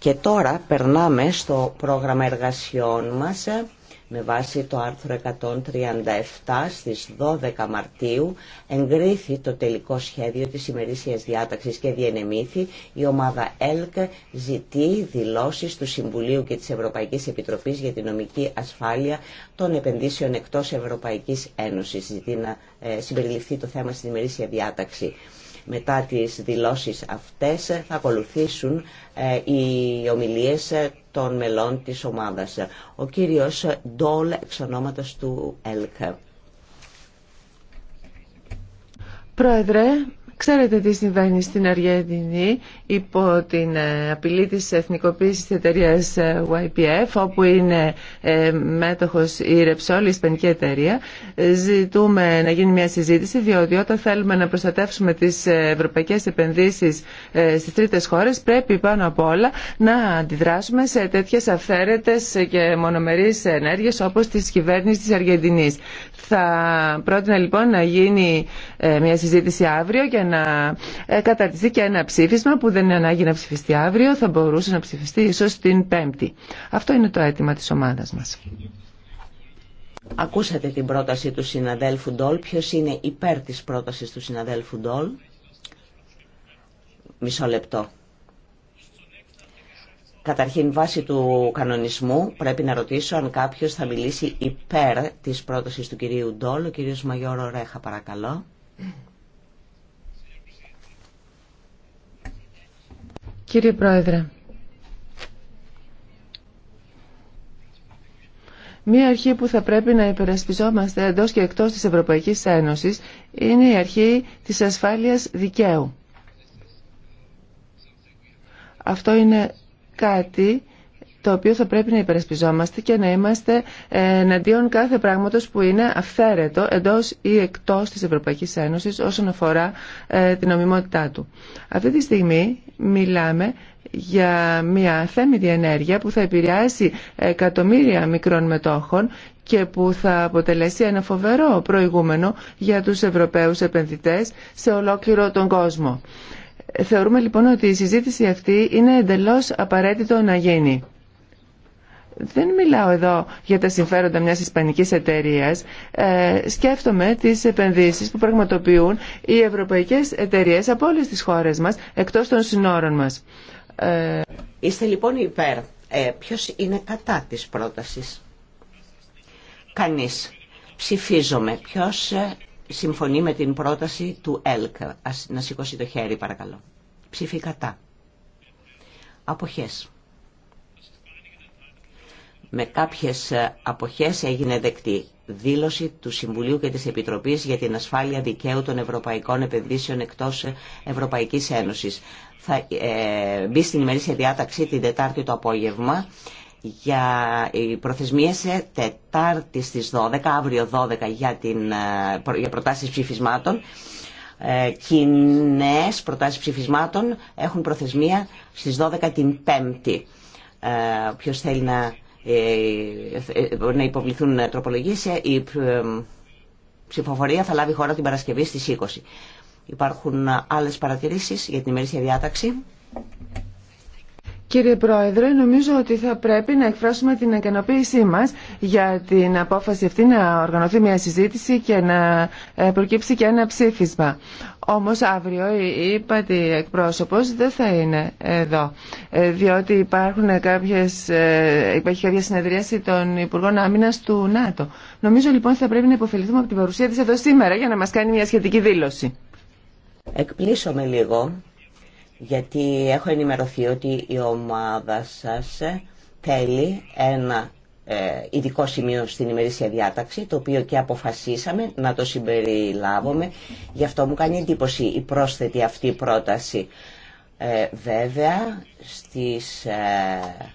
Και τώρα περνάμε στο πρόγραμμα εργασιών μας ε, με βάση το άρθρο 137 στις 12 Μαρτίου εγκρίθη το τελικό σχέδιο της ημερήσιας διάταξης και διενεμήθη η ομάδα ΕΛΚ ζητεί δηλώσεις του Συμβουλίου και της Ευρωπαϊκής Επιτροπής για την νομική ασφάλεια των επενδύσεων εκτός Ευρωπαϊκής Ένωσης. Ζητεί να ε, συμπεριληφθεί το θέμα στην ημερήσια διάταξη. Μετά τις δηλώσεις αυτές θα ακολουθήσουν ε, οι ομιλίες ε, των μελών της ομάδας. Ο κύριος Ντόλ εξ του ΕΛΚ. Πρόεδρε, Ξέρετε τι συμβαίνει στην Αργεντινή υπό την ε, απειλή της εθνικοποίησης της εταιρείας ε, YPF όπου είναι ε, μέτοχος η Ρεψόλη, η Ισπανική εταιρεία. Ζητούμε να γίνει μια συζήτηση διότι όταν θέλουμε να προστατεύσουμε τις ευρωπαϊκές επενδύσεις στις τρίτες χώρες πρέπει πάνω απ' όλα να αντιδράσουμε σε τέτοιες αυθαίρετες και μονομερείς ενέργειες όπως τη κυβέρνησης της Αργεντινής. Θα πρότεινα λοιπόν να γίνει μια συζήτηση αύριο να ε, καταρτιστεί και ένα ψήφισμα που δεν είναι ανάγκη να ψηφιστεί αύριο, θα μπορούσε να ψηφιστεί ίσως την Πέμπτη. Αυτό είναι το αίτημα της ομάδας μας. Ακούσατε την πρόταση του συναδέλφου Ντόλ. Ποιος είναι υπέρ της πρότασης του συναδέλφου Ντόλ. Μισό λεπτό. Καταρχήν, βάσει του κανονισμού, πρέπει να ρωτήσω αν κάποιος θα μιλήσει υπέρ της πρότασης του κυρίου Ντόλ. Ο κύριος Μαγιώρο Ρέχα, παρακαλώ. Κύριε Πρόεδρε, Μία αρχή που θα πρέπει να υπερασπιζόμαστε εντός και εκτός της Ευρωπαϊκής Ένωσης είναι η αρχή της ασφάλειας δικαίου. Αυτό είναι κάτι το οποίο θα πρέπει να υπερασπιζόμαστε και να είμαστε εναντίον κάθε πράγματος που είναι αυθαίρετο εντός ή εκτός της Ευρωπαϊκής Ένωσης όσον αφορά ε, την νομιμότητά του. Αυτή τη στιγμή μιλάμε για μια θέμητη ενέργεια που θα επηρεάσει εκατομμύρια μικρών μετόχων και που θα αποτελέσει ένα φοβερό προηγούμενο για τους Ευρωπαίους επενδυτές σε ολόκληρο τον κόσμο. Θεωρούμε λοιπόν ότι η συζήτηση αυτή είναι εντελώς απαραίτητο να γίνει δεν μιλάω εδώ για τα συμφέροντα μιας ισπανικής εταιρεία. Ε, σκέφτομαι τις επενδύσεις που πραγματοποιούν οι ευρωπαϊκές εταιρείε από όλες τις χώρες μας, εκτός των συνόρων μας. Ε... Είστε λοιπόν υπέρ. Ε, ποιος είναι κατά της πρότασης. Κανείς. Ψηφίζομαι. Ποιος ε, συμφωνεί με την πρόταση του ΕΛΚ. να σηκώσει το χέρι παρακαλώ. Ψήφι κατά. Αποχές με κάποιες ε, αποχές έγινε δεκτή δήλωση του Συμβουλίου και της Επιτροπής για την ασφάλεια δικαίου των ευρωπαϊκών επενδύσεων εκτός ε, Ευρωπαϊκής Ένωσης. Θα ε, μπει στην ημερήσια διάταξη την Τετάρτη το απόγευμα για οι προθεσμίες Τετάρτη στις 12, αύριο 12 για, την, ε, για προτάσεις ψηφισμάτων. Ε, Κοινέ προτάσεις ψηφισμάτων έχουν προθεσμία στις 12 την Πέμπτη. Ε, ποιος θέλει να ε, ε, να υποβληθούν τροπολογίες. Ε, η ψηφοφορία θα λάβει χώρα την Παρασκευή στις 20. Υπάρχουν άλλες παρατηρήσεις για την ημερήσια διάταξη. Κύριε Πρόεδρε, νομίζω ότι θα πρέπει να εκφράσουμε την ικανοποίησή μα για την απόφαση αυτή να οργανωθεί μια συζήτηση και να ε, προκύψει και ένα ψήφισμα. Όμω αύριο η ΥΠΑΤΗ εκπρόσωπο δεν θα είναι εδώ, ε, διότι υπάρχουν κάποιες, ε, υπάρχει κάποια συνεδρίαση των Υπουργών Άμυνα του ΝΑΤΟ. Νομίζω λοιπόν ότι θα πρέπει να υποφεληθούμε από την παρουσία τη εδώ σήμερα για να μα κάνει μια σχετική δήλωση. με λίγο γιατί έχω ενημερωθεί ότι η ομάδα σας θέλει ένα ε, ειδικό σημείο στην ημερήσια διάταξη, το οποίο και αποφασίσαμε να το συμπεριλάβουμε. Γι' αυτό μου κάνει εντύπωση η πρόσθετη αυτή πρόταση. Ε, βέβαια, στις ε,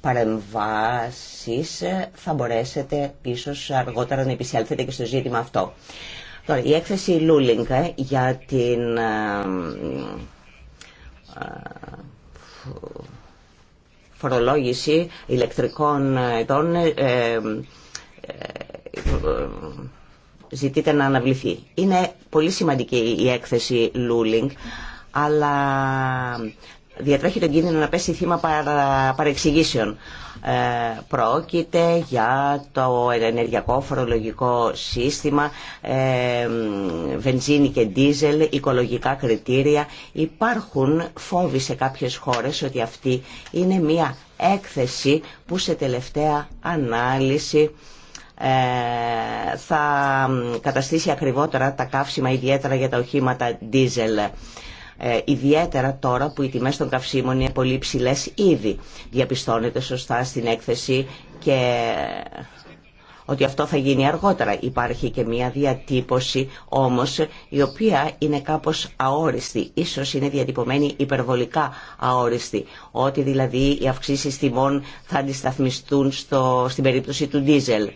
παρεμβάσεις θα μπορέσετε πίσω αργότερα να επισέλθετε και στο ζήτημα αυτό. Τώρα, η έκθεση Λούλινγκ ε, για την φορολόγηση ηλεκτρικών ετών ε, ε, ε, ζητείται να αναβληθεί. Είναι πολύ σημαντική η έκθεση Λούλινγκ, αλλά διατρέχει τον κίνδυνο να πέσει θύμα παρεξηγήσεων. Ε, πρόκειται για το ενεργειακό φορολογικό σύστημα, βενζίνη και ντίζελ, οικολογικά κριτήρια. Υπάρχουν φόβοι σε κάποιες χώρες ότι αυτή είναι μια έκθεση που σε τελευταία ανάλυση ε, θα καταστήσει ακριβότερα τα καύσιμα ιδιαίτερα για τα οχήματα ντίζελ. Ε, ιδιαίτερα τώρα που οι τιμές των καυσίμων είναι πολύ ψηλές ήδη. Διαπιστώνεται σωστά στην έκθεση και ότι αυτό θα γίνει αργότερα. Υπάρχει και μια διατύπωση όμως η οποία είναι κάπως αόριστη, ίσως είναι διατυπωμένη υπερβολικά αόριστη, ότι δηλαδή οι αυξήσεις τιμών θα αντισταθμιστούν στο, στην περίπτωση του ντίζελ.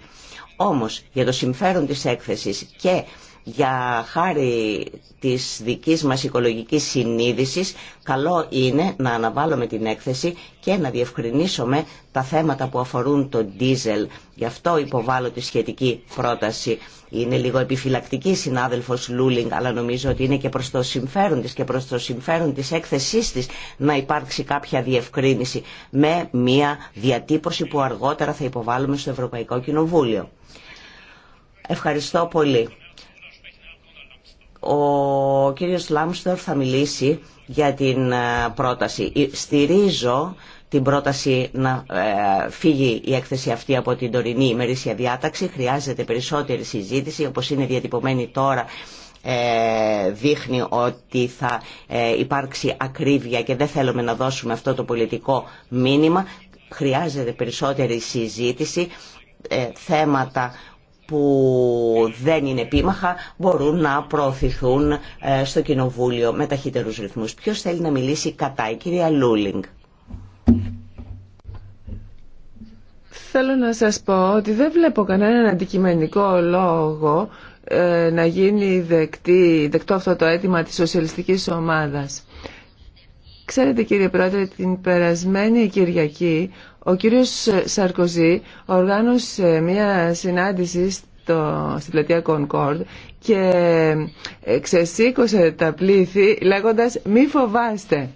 Όμως για το συμφέρον της έκθεσης και για χάρη της δικής μας οικολογικής συνείδησης, καλό είναι να αναβάλουμε την έκθεση και να διευκρινίσουμε τα θέματα που αφορούν το ντίζελ. Γι' αυτό υποβάλλω τη σχετική πρόταση. Είναι λίγο επιφυλακτική συνάδελφος Λούλινγκ, αλλά νομίζω ότι είναι και προς το συμφέρον της και προς το συμφέρον της έκθεσής της να υπάρξει κάποια διευκρίνηση με μια διατύπωση που αργότερα θα υποβάλουμε στο Ευρωπαϊκό Κοινοβούλιο. Ευχαριστώ πολύ. Ο κύριος Λάμστορ θα μιλήσει για την ε, πρόταση. Στηρίζω την πρόταση να ε, φύγει η έκθεση αυτή από την τωρινή ημερήσια διάταξη. Χρειάζεται περισσότερη συζήτηση, όπως είναι διατυπωμένη τώρα ε, δείχνει ότι θα υπάρξει ακρίβεια και δεν θέλουμε να δώσουμε αυτό το πολιτικό μήνυμα. Χρειάζεται περισσότερη συζήτηση θέματα που δεν είναι επίμαχα μπορούν να προωθηθούν ε, στο Κοινοβούλιο με ταχύτερους ρυθμούς. Ποιος θέλει να μιλήσει κατά η κυρία Λούλινγκ. Θέλω να σας πω ότι δεν βλέπω κανέναν αντικειμενικό λόγο ε, να γίνει δεκτή, δεκτό αυτό το αίτημα της σοσιαλιστικής ομάδας. Ξέρετε κύριε Πρόεδρε, την περασμένη Κυριακή ο κύριος Σαρκοζή οργάνωσε μια συνάντηση στο, στην πλατεία Κονκόρντ και ε, ξεσήκωσε τα πλήθη λέγοντας «Μη φοβάστε».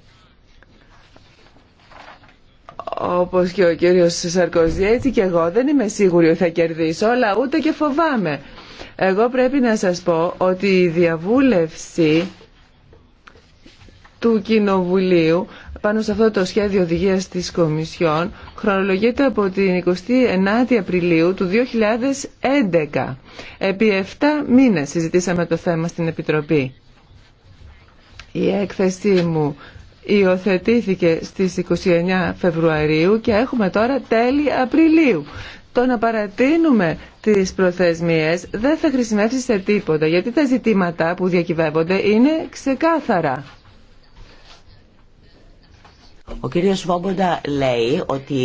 Όπως και ο κύριος Σαρκοζή, έτσι και εγώ δεν είμαι σίγουρη ότι θα κερδίσω, αλλά ούτε και φοβάμαι. Εγώ πρέπει να σας πω ότι η διαβούλευση του Κοινοβουλίου πάνω σε αυτό το σχέδιο οδηγίας της Κομισιόν χρονολογείται από την 29η Απριλίου του 2011. Επί 7 μήνες συζητήσαμε το θέμα στην Επιτροπή. Η έκθεσή μου υιοθετήθηκε στις 29 Φεβρουαρίου και έχουμε τώρα τέλη Απριλίου. Το να παρατείνουμε τις προθεσμίες δεν θα χρησιμεύσει σε τίποτα γιατί τα ζητήματα που διακυβεύονται είναι ξεκάθαρα. Ο κύριος Βόμποντα λέει ότι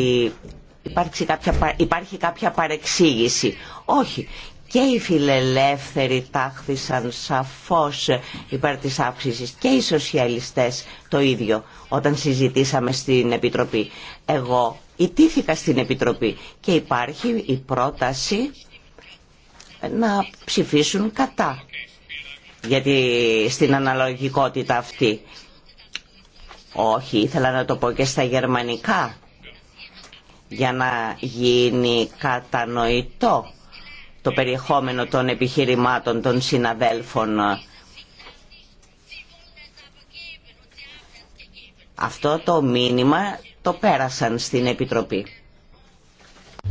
υπάρχει κάποια, υπάρχει κάποια παρεξήγηση. Όχι. Και οι φιλελεύθεροι τάχθησαν σαφώς υπέρ της αύξησης και οι σοσιαλιστές το ίδιο όταν συζητήσαμε στην Επιτροπή. Εγώ ιτήθηκα στην Επιτροπή και υπάρχει η πρόταση να ψηφίσουν κατά γιατί στην αναλογικότητα αυτή. Όχι, ήθελα να το πω και στα γερμανικά για να γίνει κατανοητό το περιεχόμενο των επιχειρημάτων των συναδέλφων. Αυτό το μήνυμα το πέρασαν στην Επιτροπή.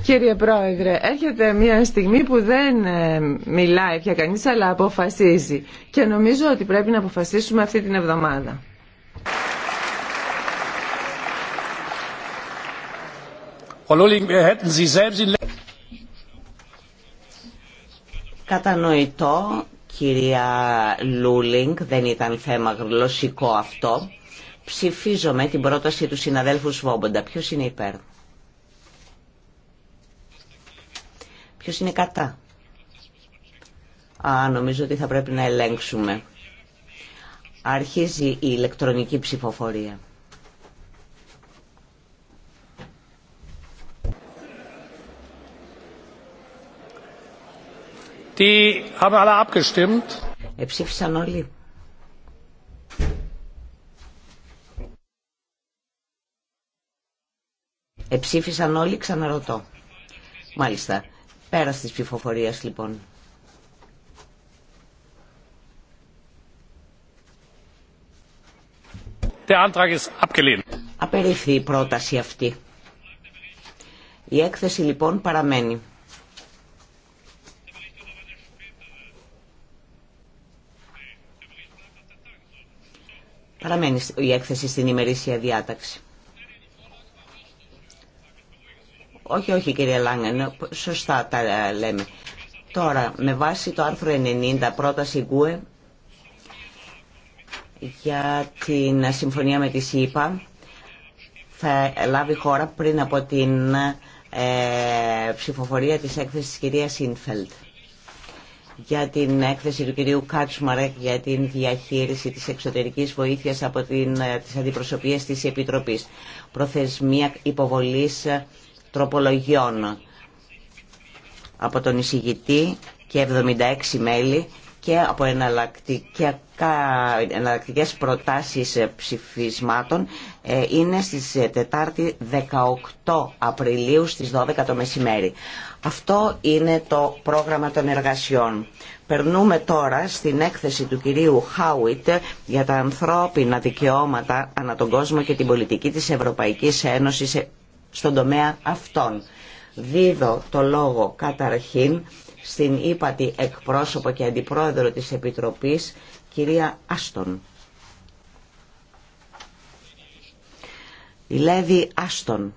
Κύριε Πρόεδρε, έρχεται μια στιγμή που δεν ε, μιλάει πια κανείς αλλά αποφασίζει και νομίζω ότι πρέπει να αποφασίσουμε αυτή την εβδομάδα. Κατανοητό, κυρία Λούλινγκ, δεν ήταν θέμα γλωσσικό αυτό. Ψηφίζομαι την πρόταση του συναδέλφου Σβόμποντα. Ποιος είναι υπέρ. Ποιος είναι κατά. Α, νομίζω ότι θα πρέπει να ελέγξουμε. Αρχίζει η ηλεκτρονική ψηφοφορία. Εψήφισαν όλοι. Εψήφισαν όλοι, ξαναρωτώ. Μάλιστα. Πέρα τη ψηφοφορία λοιπόν. Απερίφθη η πρόταση αυτή. Η έκθεση λοιπόν παραμένει. Παραμένει η έκθεση στην ημερήσια διάταξη. Όχι, όχι κύριε Λάγκεν, σωστά τα λέμε. Τώρα, με βάση το άρθρο 90, πρόταση Γκουε για την συμφωνία με τη ΣΥΠΑ θα λάβει χώρα πριν από την ε, ψηφοφορία της έκθεσης της κυρίας για την έκθεση του κυρίου Κάτσμαρεκ για την διαχείριση της εξωτερικής βοήθειας από την, ε, τις αντιπροσωπείες της Επιτροπής. Προθεσμία υποβολής ε, τροπολογιών από τον εισηγητή και 76 μέλη και από εναλλακτικέ προτάσεις ε, ψηφισμάτων ε, είναι στις ε, Τετάρτη 18 Απριλίου στις 12 το μεσημέρι. Αυτό είναι το πρόγραμμα των εργασιών. Περνούμε τώρα στην έκθεση του κυρίου Χάουιτ για τα ανθρώπινα δικαιώματα ανά τον κόσμο και την πολιτική της Ευρωπαϊκής Ένωσης στον τομέα αυτών. Δίδω το λόγο καταρχήν στην ύπατη εκπρόσωπο και αντιπρόεδρο της Επιτροπής, κυρία Άστον. Λέβη Άστον.